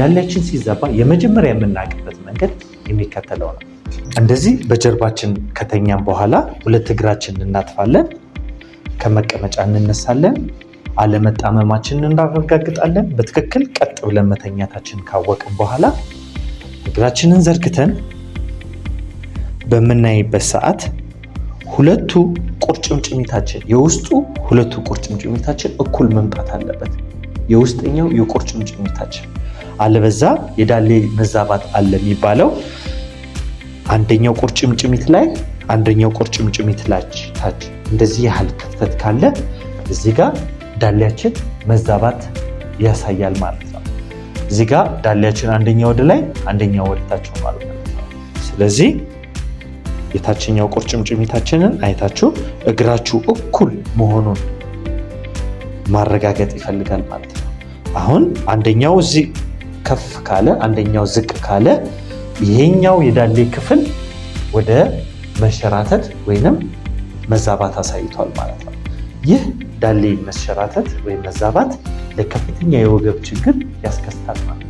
ያለችን ሲዛባ የመጀመሪያ የምናውቅበት መንገድ የሚከተለው ነው። እንደዚህ በጀርባችን ከተኛም በኋላ ሁለት እግራችን እናጥፋለን። ከመቀመጫ እንነሳለን። አለመጣመማችንን እናረጋግጣለን። በትክክል ቀጥ ብለን መተኛታችን ካወቅን በኋላ እግራችንን ዘርግተን በምናይበት ሰዓት ሁለቱ ቁርጭምጭሚታችን የውስጡ ሁለቱ ቁርጭምጭሚታችን እኩል መምጣት አለበት። የውስጠኛው የቁርጭምጭሚታችን አለበዛ የዳሌ መዛባት አለ የሚባለው አንደኛው ቁርጭምጭሚት ላይ አንደኛው ቁርጭምጭሚት ታች እንደዚህ ያህል ክፍተት ካለ እዚህ ጋር ዳሌያችን መዛባት ያሳያል ማለት ነው። እዚህ ጋር ዳሌያችን አንደኛ ወደ ላይ አንደኛው ወደ ታች ማለት ነው። ስለዚህ የታችኛው ቁርጭምጭሚታችንን አይታችሁ እግራችሁ እኩል መሆኑን ማረጋገጥ ይፈልጋል ማለት ነው። አሁን አንደኛው እዚህ ከፍ ካለ፣ አንደኛው ዝቅ ካለ ይሄኛው የዳሌ ክፍል ወደ መሸራተት ወይንም መዛባት አሳይቷል ማለት ነው። ይህ ዳሌ መሸራተት ወይም መዛባት ለከፍተኛ የወገብ ችግር ያስከስታል ማለት ነው።